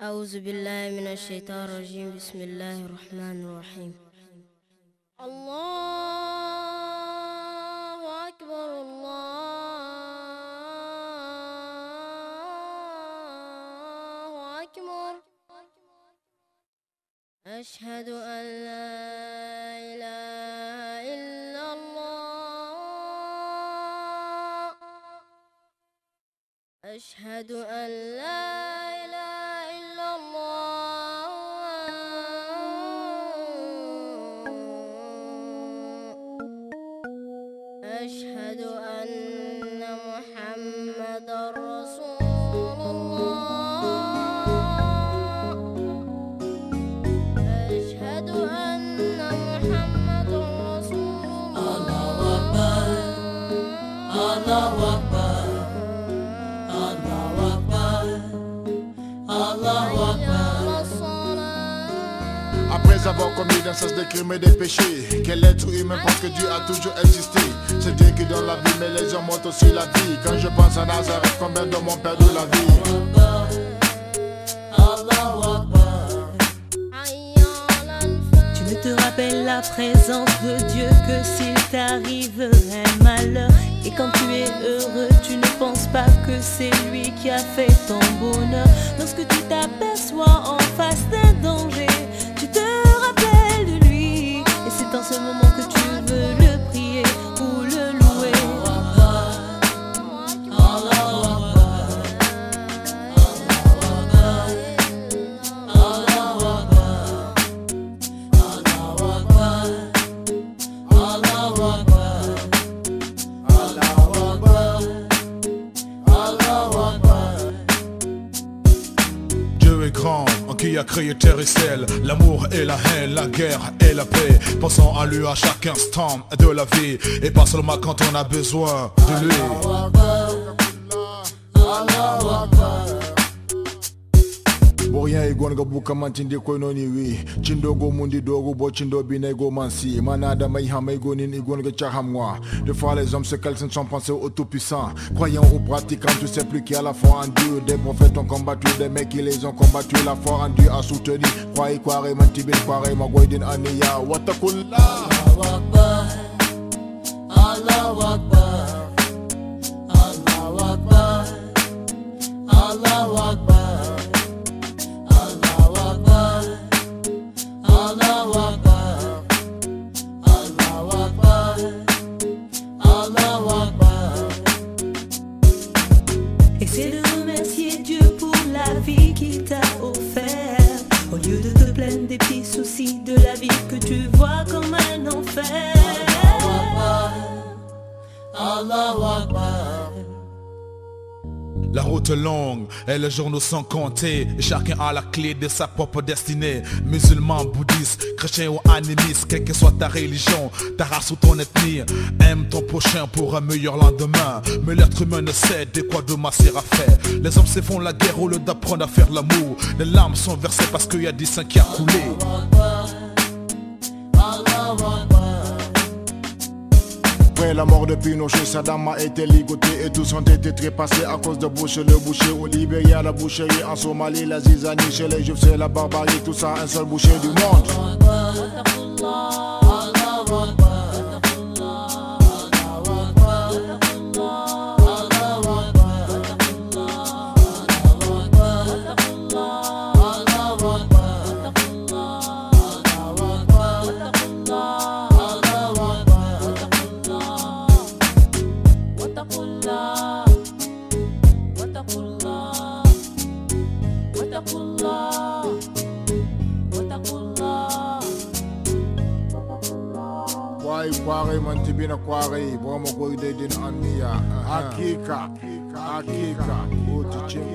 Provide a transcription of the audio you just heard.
أعوذ بالله من الشيطان الرجيم بسم الله الرحمن الرحيم الله أكبر الله أكبر أشهد أن لا إله إلا الله أشهد أن لا أشهد أن محمد رسول الله أشهد أن محمد رسول الله الله أكبر الله أكبر الله أكبر الله أكبر Après avoir commis d'un sens des crimes et des péchés, quel être humain pense que Dieu a toujours existé C'est Dieu qui donne la vie, mais les hommes ont aussi la vie. Quand je pense à Nazareth, combien de mon de la vie Tu ne te rappelles la présence de Dieu que s'il t'arrive un malheur. Et quand tu es heureux, tu ne penses pas que c'est lui qui a fait ton bonheur. Lorsque tu t'aperçois en face d'un danger, dans ce moment que a terre et ciel, l'amour et la haine, la guerre et la paix, Pensons à lui à chaque instant de la vie, et pas seulement quand on a besoin de lui. oriyan i goniga bu kamantindi koyno ni wi cindogo mundi dogu bo cindo bina go mansi mana dama i hama i gonin i goniga fois les hommes se calcinent sans penser au tout puissant croyant ou pratiquant tu sais plus qui a la foi en Dieu des prophètes ont combattu des mecs qui les ont combattu la foi en Dieu a soutenu kwai kware mantibin ma magoydin aniya watakullah Allah Akbar Allah Akbar Merci Dieu pour la vie qu'il t'a offert. Au lieu de te plaindre des petits soucis de la vie que tu vois comme un enfer. Allah wa la route longue et les journaux sont comptés Chacun a la clé de sa propre destinée Musulman, bouddhiste, chrétien ou animiste Quelle que soit ta religion, ta race ou ton ethnie Aime ton prochain pour un meilleur lendemain Mais l'être humain ne sait de quoi demain sera fait Les hommes se font la guerre au lieu d'apprendre à faire l'amour Les larmes sont versées parce qu'il y a des seins qui a coulé la mort de Pinochet, Saddam a été ligoté et tous ont été trépassés à cause de Boucher Le boucher au Libéria, la boucherie en Somalie, la zizanie chez les Juifs, c'est la barbarie. Tout ça, un seul boucher du monde. واتقوا الله واتقوا الله واتقوا a واتقوا الله kwarai kwarai man tibi na kwarai ba mu goyi daidai na anniya hakika hakika ko ticin